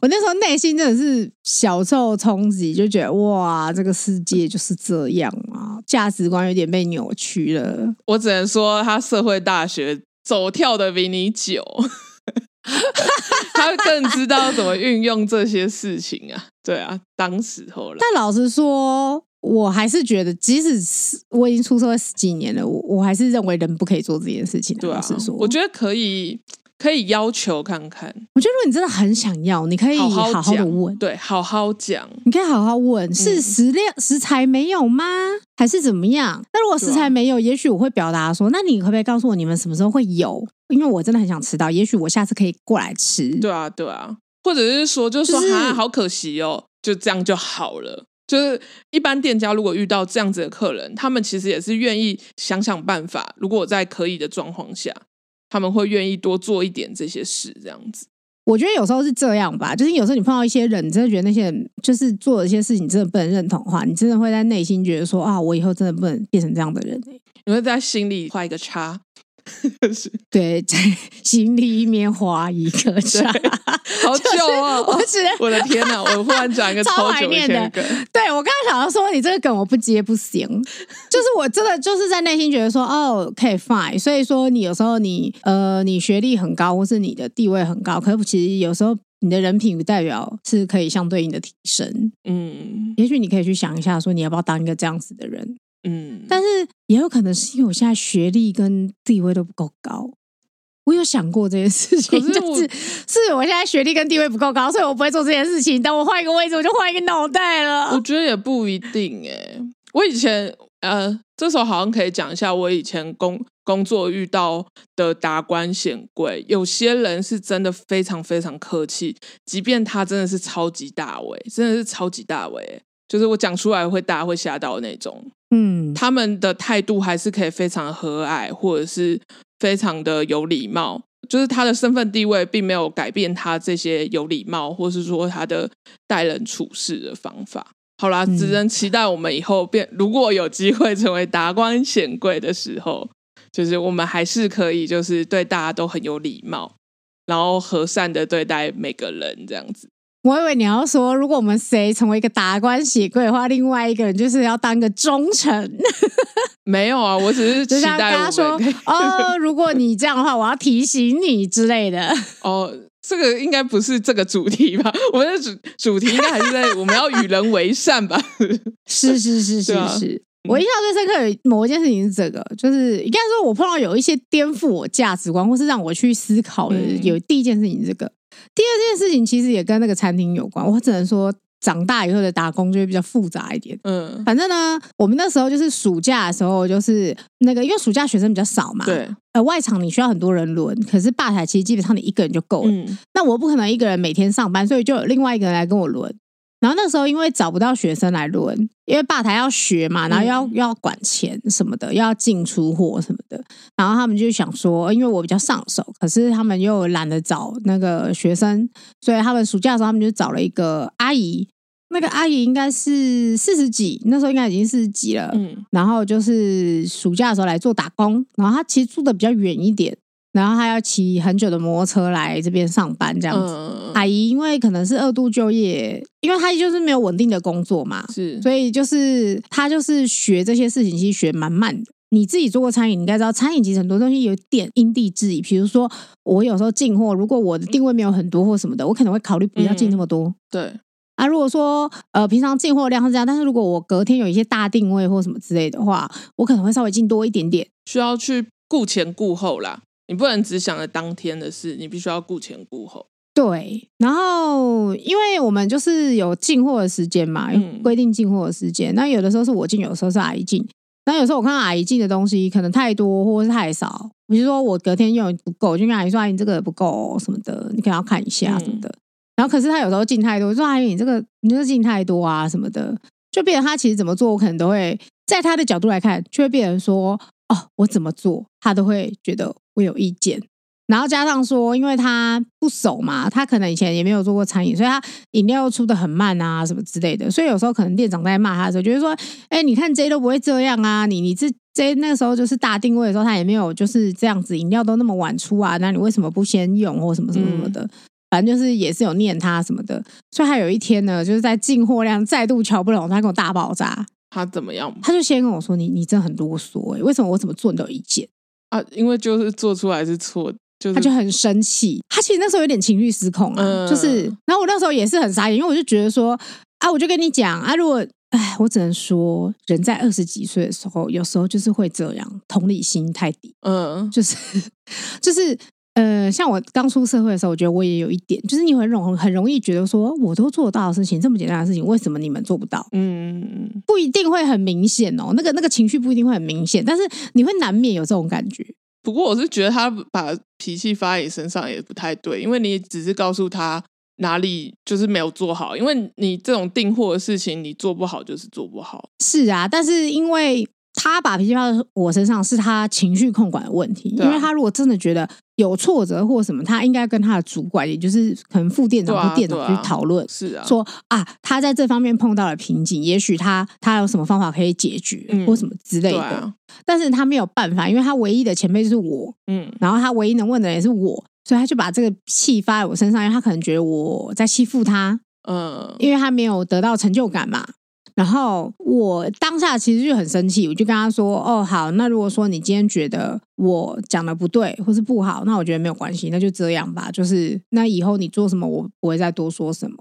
我那時候內心真的是小受衝擊，就覺得哇，這個世界就是這樣啊，價值觀有點被扭曲了。我只能說，他社會大學走跳的比你久， <laughs> 他更知道怎麼運用這些事情啊。對啊，當時候了。但老實說，我還是覺得，即使是我已經出社會十幾年了，我我還是認為人不可以做這件事情。對啊，老實說，我覺得可以。可以要求看看，我覺得如果你真的很想要，你可以好好，好，好問，對，好好講，你可以好好問，是食量、嗯、食材沒有嗎，還是怎麼樣？那如果食材沒有，啊、也許我會表達說，那你可不可以告訴我你們什麼時候會有？因為我真的很想吃到，也許我下次可以過來吃。對啊，對啊，或者是說，就是說，就是、啊，好可惜哦，就這樣就好了。就是一般店家如果遇到這樣子的客人，他們其實也是願意想想辦法，如果我在可以的狀況下。他們會願意多做一點這些事，這樣子。我覺得有時候是這樣吧，就是有時候你碰到一些人，你真的覺得那些人就是做的一些事情，真的不能認同的話，你真的會在內心覺得說啊，我以後真的不能變成這樣的人，你會在心裡畫一個叉。對，在心裡面畫一個叉，好久啊、哦！不是， <laughs> 我的天哪！ <laughs> 我忽然轉一個超懷 <laughs> 念的梗。 <laughs> 對，我剛剛想要說，你這個梗我不接不行。 <laughs> 就是我真的就是在內心覺得說，哦，可、okay, 以 fine。所以說，你有時候你呃，你學歷很高，或是你的地位很高，可是其實有時候你的人品不代表是可以相對應的提升。嗯，也許你可以去想一下，說你要不要當一個這樣子的人。嗯，但是也有可能是因為我現在學歷跟地位都不夠高。我有想過這件事情，是就是是我現在學歷跟地位不夠高，所以我不會做這件事情。但我換一個位置，我就換一個腦袋了。我覺得也不一定哎、欸。我以前呃，這時候好像可以講一下我以前工工作遇到的達官顯貴，有些人是真的非常非常客氣，即便他真的是超級大尾，真的是超級大尾。就是我講出來會大家會嚇到那種，嗯，他們的態度還是可以非常和藹，或者是非常的有禮貌。就是他的身份地位並沒有改變他這些有禮貌，或者是說他的待人處事的方法。好啦，嗯，只能期待我們以後變，如果有機會成為達官顯貴的時候，就是我們還是可以，就是對大家都很有禮貌，然後和善的對待每個人這樣子。我以為你要說，如果我們誰成為一個達官顯貴的話，另外一個人就是要當個忠臣。 <laughs> 沒有啊，我只是期待我就跟他說， <laughs> 哦，如果你這樣的話，我要提醒你之類的。哦，這個應該不是這個主題吧？我們的主主題應該還是在 <laughs> 我們要與人為善吧？ <laughs> 是是是是、啊、是是。我印象最深刻有某一件事情是這個，就是應該說，我碰到有一些顛覆我價值觀，或是讓我去思考的，就是，嗯、有第一件事情是這個。第二件事情其實也跟那個餐廳有關，我只能說長大以後的打工就會比較複雜一點。嗯，反正呢，我們那時候就是暑假的時候，就是那個因為暑假學生比較少嘛，對，呃，外場你需要很多人輪，可是吧台其實基本上你一個人就夠了。嗯。那我不可能一個人每天上班，所以就有另外一個人來跟我輪。然後那時候因為找不到學生來輪，因為吧台要學嘛，然後要、嗯、要管錢什麼的，又要進出貨什麼的，然後他們就想說，因為我比較上手，可是他們又懶得找那個學生，所以他們暑假的時候，他們就找了一個阿姨。那個阿姨應該是四十幾，那時候應該已經四十幾了，嗯，然後就是暑假的時候來做打工。然後她其實住的比較遠一點。然後他要騎很久的摩托車來這邊上班，這樣子。嗯、阿姨因為可能是二度就業，因為他就是沒有穩定的工作嘛，是。所以就是他就是學這些事情，其實學蠻慢的。你自己做過餐飲，你應該知道餐飲其實很多東西有點因地制宜。比如說我有時候進貨，如果我的訂位沒有很多或什麼的，我可能會考慮不要進那麼多。嗯、對啊，如果說呃平常進貨量是這樣，但是如果我隔天有一些大訂位或什麼之類的話，我可能會稍微進多一點點。需要去顧前顧後啦。你不能只想着當天的事，你必須要顧前顧後。對，然後因為我們就是有進貨的時間嘛，有規定進貨的時間。嗯、那有的時候是我進，有的時候是阿姨進。那有時候我看到阿姨進的東西可能太多，或者是太少。比如說我隔天用不夠，就跟阿姨說：“阿姨、啊，你這個不夠、哦、什麼的，你可能要看一下、嗯、什麼的。”然後可是他有時候進太多，我、就是、說：“阿姨，你這個你這進太多啊什麼的。”就變成他其實怎麼做，我可能都會在他的角度來看，就會變成說：“哦，我怎麼做，他都會覺得。”我有意見，然後加上說，因為他不熟嘛，他可能以前也沒有做過餐飲，所以他飲料出得很慢啊，什麼之類的，所以有時候可能店長在罵他的時候，就是說，哎、欸，你看 J 都不會這樣啊，你你這 J 那個時候就是大定位的時候，他也沒有就是這樣子，飲料都那麼晚出啊，那你為什麼不先用或什麼，什麼什麼的，嗯、反正就是也是有念他什麼的，所以他有一天呢，就是在進貨量再度喬不攏，他跟我大爆炸。他怎麼樣？他就先跟我說，你你真的很囉嗦、欸，哎，為什麼我怎麼做你都有意見？啊，因為就是做出來是錯，就是、他就很生氣，他其實那時候有點情緒失控啊，嗯、就是，然後我那時候也是很傻眼，因為我就覺得說，啊，我就跟你講啊，如果，唉，我只能說，人在二十幾歲的時候，有時候就是會這樣，同理心太低，嗯，就是，就是。呃，像我剛出社會的時候，我覺得我也有一點，就是你會容很容易覺得說，我都做到的事情，這麼簡單的事情，為什麼你們做不到？嗯嗯，不一定會很明顯哦，那個那個情緒不一定會很明顯，但是你會難免有這種感覺。不過我是覺得他把脾氣發在你身上也不太對，因為你只是告訴他哪裡就是沒有做好，因為你這種訂貨的事情，你做不好就是做不好。是啊，但是因為。他把脾氣發到我身上，是他情緒控管的問題。啊、因為他如果真的覺得有挫折或什麼，他應該跟他的主管，也就是可能副店長或店長，啊、去討論，啊說是啊，說啊，他在這方面碰到了瓶頸，也許他他有什麼方法可以解決，嗯、或什麼之類的。啊、但是他沒有辦法，因為他唯一的前輩就是我，嗯，然後他唯一能問的人也是我，所以他就把這個氣發在我身上，因為他可能覺得我在欺負他，嗯，因為他沒有得到成就感嘛。然後我當下其實就很生氣，我就跟他說：“哦，好，那如果說你今天覺得我講的不對或是不好，那我覺得沒有關係，那就這樣吧。就是那以後你做什麼，我不會再多說什麼。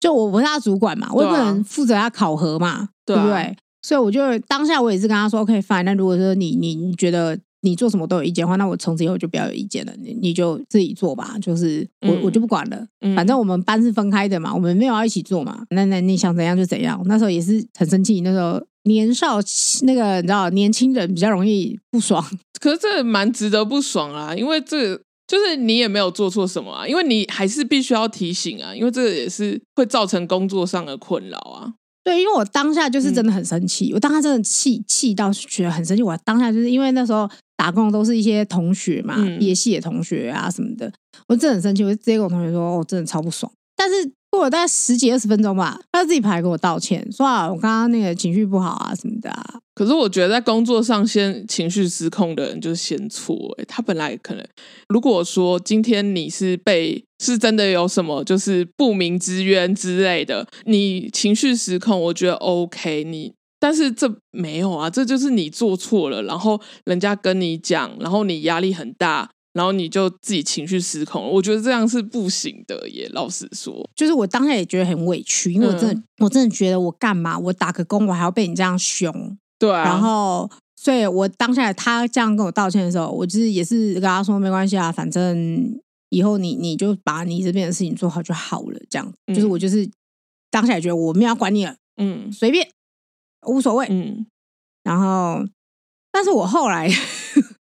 就我不是他主管嘛，我也不能負責他考核嘛，對啊，對不對？對啊，所以我就當下我也是跟他說：OK，fine。Okay, fine, 那如果說你你你覺得。”你做什麼都有意見的話，那我從此以後就不要有意見了，你你就自己做吧，就是、嗯、我我就不管了，嗯、反正我們班是分開的嘛，我們沒有要一起做嘛，那那你想怎樣就怎樣。那時候也是很生氣，那時候年少那個你知道，年輕人比較容易不爽，可是這蠻值得不爽啊，因為這個、就是你也沒有做錯什麼啊，因為你還是必須要提醒啊，因為這也是會造成工作上的困擾啊。對，因為我當下就是真的很生氣，嗯、我當下真的氣氣到覺得很生氣。我當下就是因為那時候打工的都是一些同學嘛，也、嗯、系的同學啊什麼的，我真的很生氣，我就直接跟我同學說：“哦，真的超不爽。”但是。過了大概十幾二十分鐘吧，他自己跑來跟我道歉，說啊我剛剛那個情緒不好啊什麼的、啊。可是我覺得在工作上先情緒失控的人就是先錯欸。他本來可能如果說今天你是被，是真的有什麼就是不明之冤之類的，你情緒失控，我覺得 OK 你。你但是這沒有啊，這就是你做錯了，然後人家跟你講，然後你壓力很大。然後你就自己情緒失控了，我覺得這樣是不行的耶。也老實說，就是我當下也覺得很委屈，因為我真的、嗯、我真的覺得我幹嘛，我打個工，我還要被你這樣凶。對、啊，然後，所以我當下他這樣跟我道歉的時候，我就是也是跟他說沒關係啊，反正以後你你就把你這邊的事情做好就好了。這樣，就是我就是、嗯、當下也覺得我沒有要管你了，嗯，隨便，無所謂。嗯，然後，但是我後來。 <laughs>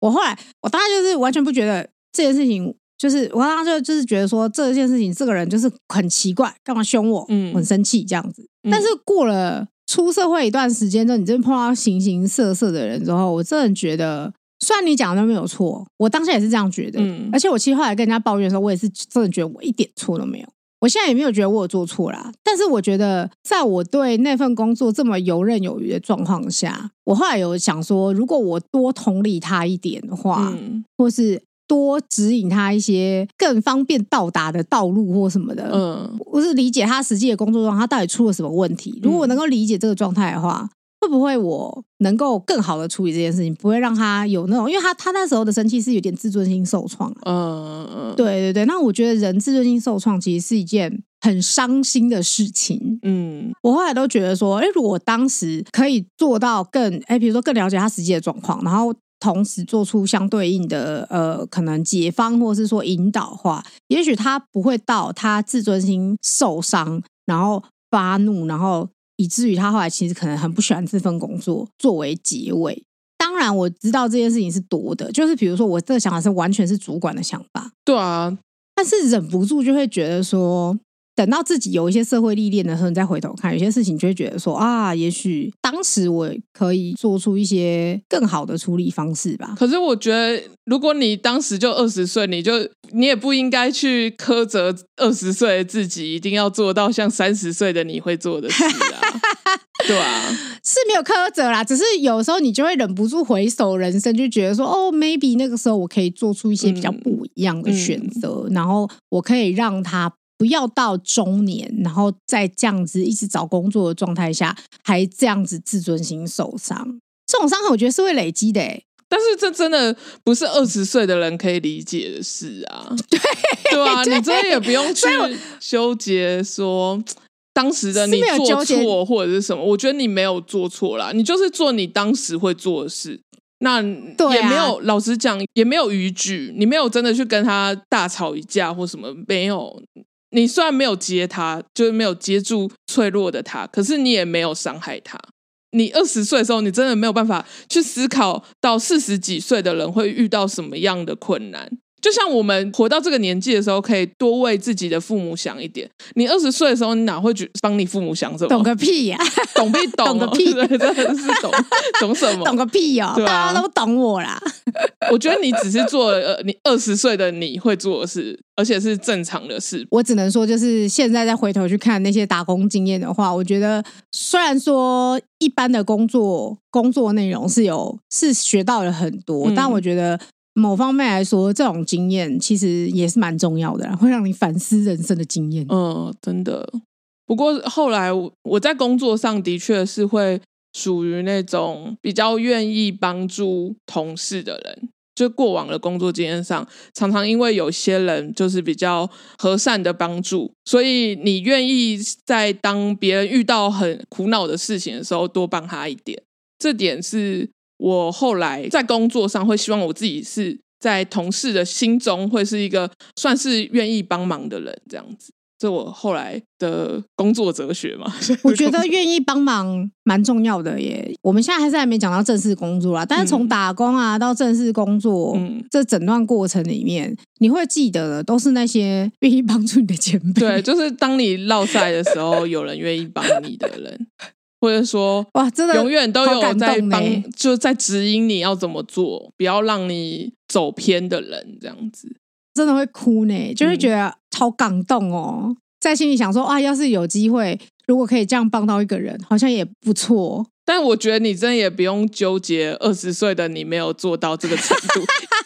我後來，我當時就是完全不覺得這件事情，就是我當時就就是覺得說這件事情，這個人就是很奇怪，幹嘛凶我，嗯，很生氣這樣子。嗯、但是過了出社會一段時間之後，你真的碰到形形色色的人之後，我真的覺得，雖然你講的都沒有錯，我當時也是這樣覺得，嗯、而且我其實後來跟人家抱怨的時候，我也是真的覺得我一點錯都沒有。我現在也沒有覺得我有做錯啦，但是我覺得在我對那份工作這麼游刃有餘的狀況下，我後來有想說，如果我多同理他一點的話，嗯、或是多指引他一些更方便到達的道路或什麼的，嗯，或是理解他實際的工作狀況，他到底出了什麼問題？如果我能夠理解這個狀態的話。會不會我能夠更好的處理這件事情，不會讓他有那種。因為他他那時候的生氣是有點自尊心受創。嗯，嗯，對對對。那我覺得人自尊心受創其實是一件很傷心的事情。嗯，我後來都覺得說，哎，如果當時可以做到更，哎，比如說更了解他實際的狀況，然後同時做出相對應的，呃，可能解方或是說引導話，也許他不會到他自尊心受傷，然後發怒，然後。以至於他後來其實可能很不喜歡這份工作，作為結尾。當然，我知道這件事情是多的，就是比如說，我這個想法是完全是主管的想法，對啊。但是忍不住就會覺得說。等到自己有一些社會歷練的時候，你再回頭看，有些事情就會覺得說啊，也許當時我可以做出一些更好的處理方式吧。可是我覺得，如果你當時就二十歲，你就你也不應該去苛責二十歲的自己，一定要做到像三十歲的你會做的事情，啊、 <laughs> 對啊，是沒有苛責啦，只是有時候你就會忍不住回首人生，就覺得說哦，maybe 那個時候我可以做出一些比較不一樣的選擇，嗯嗯，然後我可以讓他。不要到中年，然後再這樣子一直找工作的狀態下，還這樣子自尊心受傷，這種傷害我覺得是會累積的、欸。但是這真的不是二十歲的人可以理解的事啊！ <laughs> 對，對啊，對你這也不用去糾結說 <laughs> 當時的你做錯或者是什麼，我覺得你沒有做錯啦，你就是做你當時會做的事。那也沒有，啊、老實講也沒有逾矩，你沒有真的去跟他大吵一架或什麼，沒有。你雖然沒有接他，就沒有接住脆弱的他，可是你也沒有傷害他。你二十歲的時候，你真的沒有辦法去思考到四十幾歲的人會遇到什麼樣的困難。就像我們活到這個年紀的時候，可以多為自己的父母想一點。你二十歲的時候，你哪會去幫你父母想什麼？懂個屁呀、啊！懂不懂、哦？懂個屁！對，真的是懂懂什麼？懂個屁呀、哦！啊、大家都懂我啦。我覺得你只是做你二十歲的你會做的事，而且是正常的事。我只能說，就是現在再回頭去看那些打工經驗的話，我覺得雖然說一般的工作工作內容是有是學到了很多，嗯、但我覺得。某方面來說，這種經驗其實也是蠻重要的，會讓你反思人生的經驗。嗯，真的。不過後來我，我在工作上的確是會屬於那種比較願意幫助同事的人。就過往的工作經驗上，常常因為有些人就是比較和善的幫助，所以你願意在當別人遇到很苦惱的事情的時候多幫他一點。這點是。我後來在工作上會希望我自己是在同事的心中會是一個算是願意幫忙的人這樣子，這我後來的工作哲學嘛。 <laughs> 我覺得願意幫忙蠻重要的耶。我們現在還是還沒講到正式工作啦，但是從打工啊到正式工作，嗯，這整段過程裡面，你會記得的都是那些願意幫助你的前輩。 <laughs> 對，就是當你落賽的時候，有人願意幫你的人。 <laughs> 或者說，哇，真的永遠都有在幫，就在指引你要怎麼做，不要讓你走偏的人，這樣子真的會哭呢，就會覺得超感動哦，嗯、在心裡想說，啊，要是有機會，如果可以這樣幫到一個人，好像也不錯。但我覺得你真的也不用糾結，二十歲的你沒有做到這個程度。 <laughs>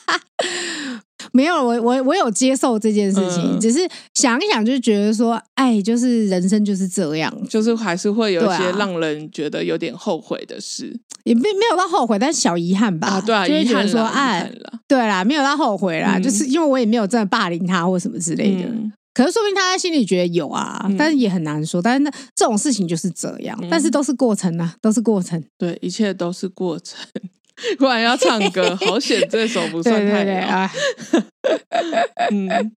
沒有，我我我有接受這件事情，只是想一想就覺得說，哎，就是人生就是這樣，就是還是會有一些讓人覺得有點後悔的事，也沒沒有到後悔，但是小遺憾吧。啊，對啊，遺憾啦，遺憾啦，對啦，沒有到後悔啦，就是因為我也沒有真的霸凌他或什麼之類的，可是說不定他在心裡覺得有啊，但是也很難說。但是這種事情就是這樣，但是都是過程啊，都是過程。對，一切都是過程。突然要唱歌，好險，這首不算太難。 <laughs> 對對對啊、 <laughs> 嗯，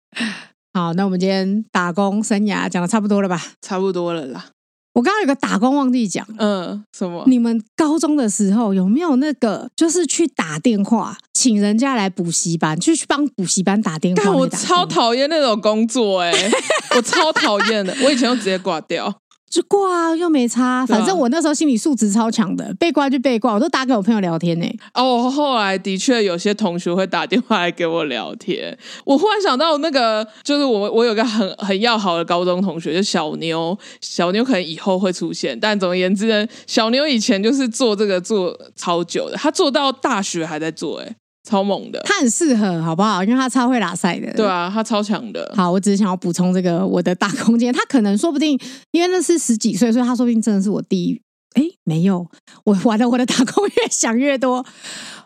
好，那我們今天打工生涯講的差不多了吧？差不多了啦。我剛剛有個打工忘記講，嗯，什麼？你們高中的時候有沒有那個，就是去打電話請人家來補習班，就去，去幫補習班打電話？我超討厭那種工作。欸，哎， <laughs> 我超討厭的，我以前就直接掛掉。就掛、啊、又沒差、啊，反正我那時候心理素質超強的，啊、被掛就被掛，我都打給我朋友聊天呢、欸。哦，後來的確有些同學會打電話來給我聊天。我忽然想到那個，就是我我有個很很要好的高中同學，就小妞，小妞可能以後會出現，但總而言之呢，小妞以前就是做這個做超久的，他做到大學還在做、欸，哎。超猛的，他很適合，好不好？因為他超會拉曬的。對啊，他超強的。好，我只是想要補充這個我的打工經驗。他可能說不定，因為那是十幾歲，所以他說不定真的是我第一。哎、欸，沒有，我完了。我的打工越想越多。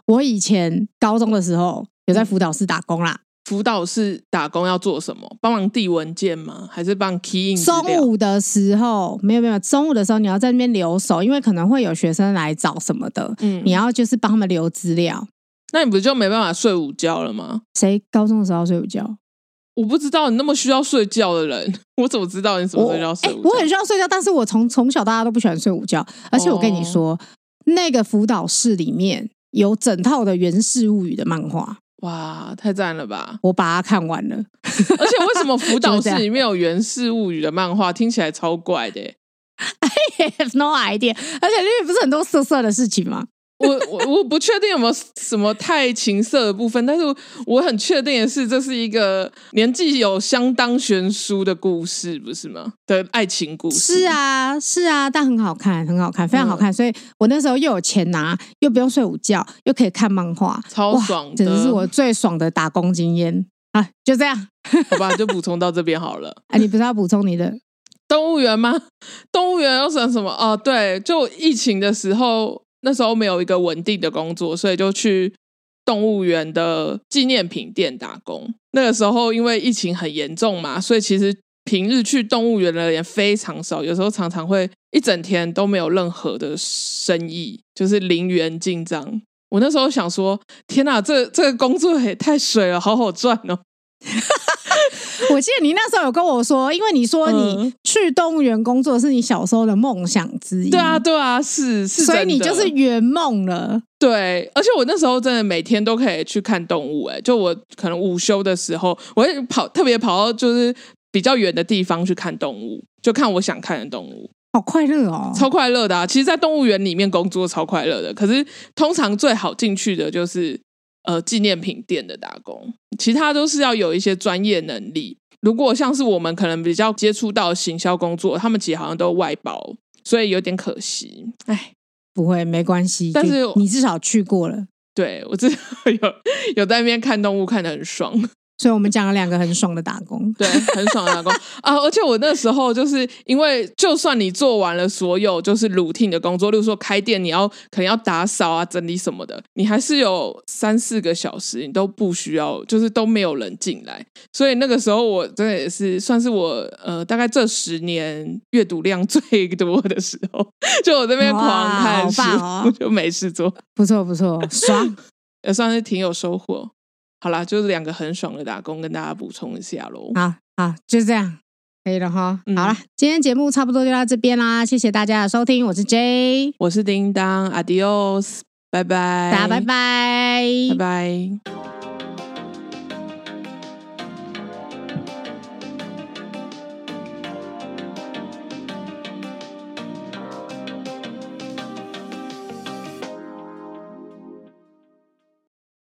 我以前高中的時候有在輔導室打工啦。嗯、輔導室打工要做什麼？幫忙遞文件嗎？還是幫 key in？中午的時候，沒有沒有，中午的時候你要在那邊留守，因為可能會有學生來找什麼的。嗯，你要就是幫他們留資料。那你不就沒辦法睡午覺了嗎？誰高中的時候睡午覺？我不知道你那麼需要睡覺的人，我怎麼知道你什麼時候要睡午覺？我，欸、我很需要睡覺，但是我從從小到大都不喜歡睡午覺，而且我跟你說，哦、那個輔導室裡面有整套的《源氏物語》的漫畫，哇，太讚了吧！我把它看完了， <laughs> 而且為什麼輔導室裡面有《源氏物語》的漫畫，聽起來超怪的？I have no idea。而且裡面不是很多色色的事情嗎？我我我不確定有沒有什麼太情色的部分，但是我很確定的是，這是一個年紀有相當懸殊的故事，不是嗎？的愛情故事是啊，是啊，但很好看，很好看，非常好看。嗯、所以我那時候又有錢拿，又不用睡午覺，又可以看漫畫，超爽的，簡直是我最爽的打工經驗啊！就這樣， <laughs> 好吧，就補充到這邊好了。哎、啊，你不是要補充你的動物園嗎？動物園要講什麼？哦、啊，對，就疫情的時候。那時候沒有一個穩定的工作，所以就去動物園的紀念品店打工。那個時候因為疫情很嚴重嘛，所以其實平日去動物園的人非常少，有時候常常會一整天都沒有任何的生意，就是零元進賬。我那時候想說：“天哪，這這個工作也太水了，好好賺哦。 <laughs> ”我記得你那時候有跟我說，因為你說你去動物園工作的是你小時候的夢想之一，嗯。對啊，對啊，是是，所以你就是圓夢了。對，而且我那時候真的每天都可以去看動物，欸，哎，就我可能午休的時候，我會跑特別跑到就是比較遠的地方去看動物，就看我想看的動物，好快樂哦，超快樂的啊，其實，在動物園裡面工作超快樂的，可是通常最好進去的就是。呃，紀念品店的打工，其他都是要有一些專業能力。如果像是我們可能比較接觸到行銷工作，他們其實好像都外包，所以有點可惜。哎，不會，沒關係。但是你至少去過了，對，我至少有有在那邊看動物，看得很爽。所以，我們講了兩個很爽的打工，對，很爽的打工 <laughs> 啊！而且我那時候就是因為，就算你做完了所有就是 routine 的工作，例如說開店，你要可能要打掃啊、整理什麼的，你還是有三四個小時，你都不需要，就是都沒有人進來。所以那個時候，我真的也是算是我呃，大概這十年閱讀量最多的時候，就我這邊狂看書，哦、 <laughs> 就沒事做，不錯不錯，爽，也算是挺有收穫、哦。好了，就是兩個很爽的打工，跟大家補充一下嘍。好，好，就是這樣，可以了哈。嗯、好了，今天節目差不多就到這邊啦，謝謝大家的收聽，我是 Jay，我是叮當，Adios，拜拜，大家拜拜，拜拜。Bye bye bye bye